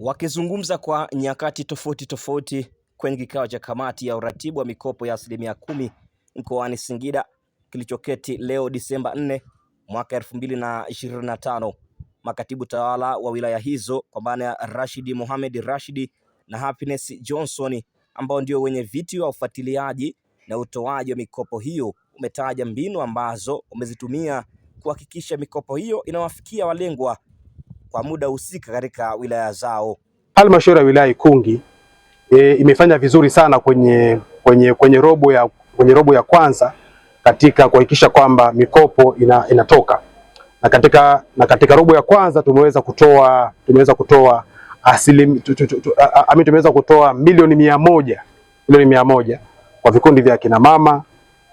Wakizungumza kwa nyakati tofauti tofauti kwenye kikao cha kamati ya uratibu wa mikopo ya asilimia kumi mkoani Singida kilichoketi leo Disemba 4 mwaka 2025, makatibu tawala wa wilaya hizo kwa maana ya Rashidi Mohamed Rashidi na Happiness Johnson ambao ndio wenye viti wa ufuatiliaji na utoaji wa mikopo hiyo, umetaja mbinu ambazo umezitumia kuhakikisha mikopo hiyo inawafikia walengwa kwa muda husika katika wilaya zao. Halmashauri ya wilaya Ikungi e, imefanya vizuri sana kwenye, kwenye, kwenye, robo, ya, kwenye robo ya kwanza katika kuhakikisha kwamba mikopo ina, inatoka na katika, na katika robo ya kwanza tumeweza kutoa tumeweza kutoa asilim, tu, tu, tu, tumeweza kutoa milioni mia moja milioni mia moja kwa vikundi vya kina mama,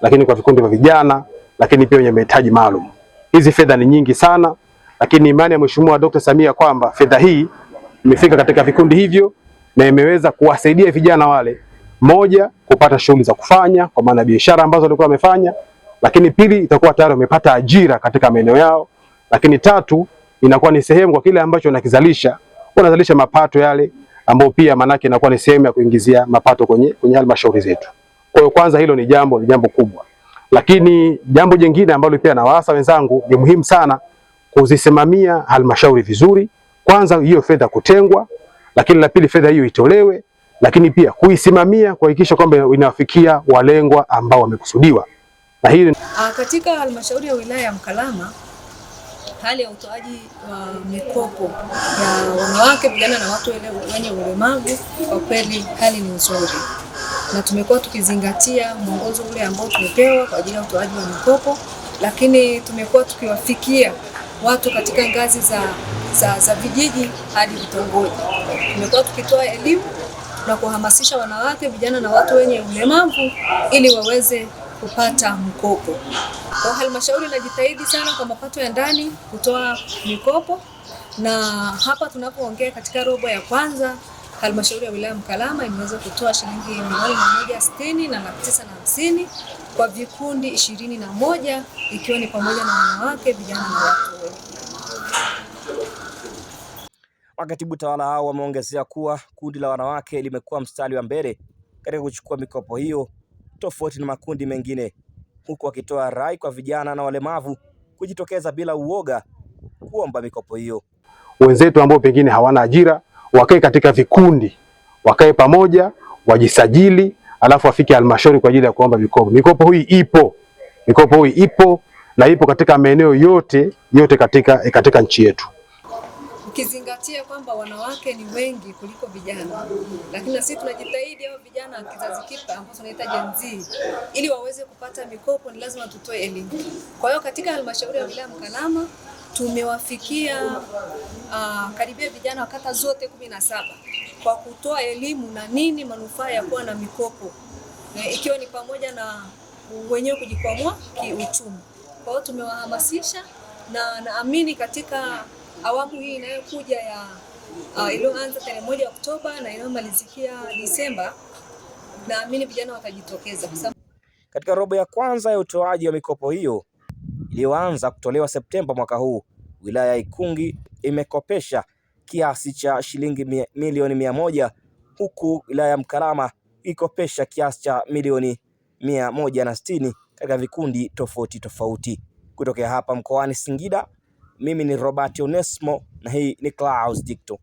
lakini kwa vikundi vya vijana, lakini pia wenye mahitaji maalum. Hizi fedha ni nyingi sana lakini imani ya Mheshimiwa Dr. Samia kwamba fedha hii imefika katika vikundi hivyo na imeweza kuwasaidia vijana wale, moja, kupata shughuli za kufanya kwa maana biashara ambazo walikuwa wamefanya, lakini pili, itakuwa tayari wamepata ajira katika maeneo yao, lakini tatu, inakuwa ni sehemu kwa kile ambacho wanakizalisha, wanazalisha mapato yale ambayo pia manake inakuwa ni sehemu ya kuingizia mapato kwenye, kwenye halmashauri zetu. Kwa hiyo kwanza hilo ni jambo ni jambo kubwa, lakini jambo jingine ambalo pia nawaasa wenzangu ni muhimu sana kuzisimamia halmashauri vizuri. Kwanza hiyo fedha kutengwa, lakini la pili fedha hiyo itolewe, lakini pia kuisimamia kuhakikisha kwamba inawafikia walengwa ambao wamekusudiwa. Na hili ah, katika halmashauri ya wilaya ya Mkalama hali ya utoaji wa mikopo ya wanawake, vijana na watu wenye ulemavu, kwa kweli hali ni nzuri, na tumekuwa tukizingatia mwongozo ule ambao tumepewa kwa ajili ya utoaji wa mikopo, lakini tumekuwa tukiwafikia watu katika ngazi za, za, za vijiji hadi vitongoji. Tumekuwa tukitoa elimu na kuhamasisha wanawake, vijana na watu wenye ulemavu ili waweze kupata mkopo. Kwa halmashauri inajitahidi sana kwa mapato ya ndani kutoa mikopo, na hapa tunapoongea katika robo ya kwanza halmashauri ya wilaya Mkalama imeweza kutoa shilingi milioni mia moja sitini na laki tisa na hamsini kwa vikundi ishirini na moja ikiwa ni pamoja na wanawake, vijana na watu Makatibu tawala hao wameongezea kuwa kundi la wanawake limekuwa mstari wa mbele katika kuchukua mikopo hiyo tofauti na makundi mengine, huku wakitoa rai kwa vijana na walemavu kujitokeza bila uoga kuomba mikopo hiyo. Wenzetu ambao pengine hawana ajira wakae katika vikundi, wakae pamoja, wajisajili alafu afike halmashauri kwa ajili ya kuomba mikopo. Mikopo hii ipo, mikopo hii ipo na ipo katika maeneo yote yote katika, katika nchi yetu ukizingatia kwamba wanawake ni wengi kuliko vijana, lakini na sisi tunajitahidi hao vijana kizazi kipya ambao tunaita Gen Z ili waweze kupata mikopo, ni lazima tutoe elimu. Kwa hiyo katika halmashauri ya wilaya Mkalama tumewafikia uh, karibia vijana wa kata zote kumi na saba kwa kutoa elimu na nini manufaa ya kuwa na mikopo e, ikiwa ni pamoja na wenyewe kujikwamua kiuchumi. Kwa hiyo tumewahamasisha na naamini katika awamu hii inayokuja ya uh, iliyoanza tarehe moja Oktoba na inayomalizikia Disemba, naamini vijana watajitokeza. Katika robo ya kwanza ya utoaji wa mikopo hiyo iliyoanza kutolewa Septemba mwaka huu, wilaya ya Ikungi imekopesha kiasi cha shilingi milioni mia moja huku wilaya ya Mkalama ikikopesha kiasi cha milioni mia moja na sitini katika vikundi tofauti tofauti. Kutokea hapa mkoani Singida, mimi ni Robert Onesmo na hii ni Clouds Digital.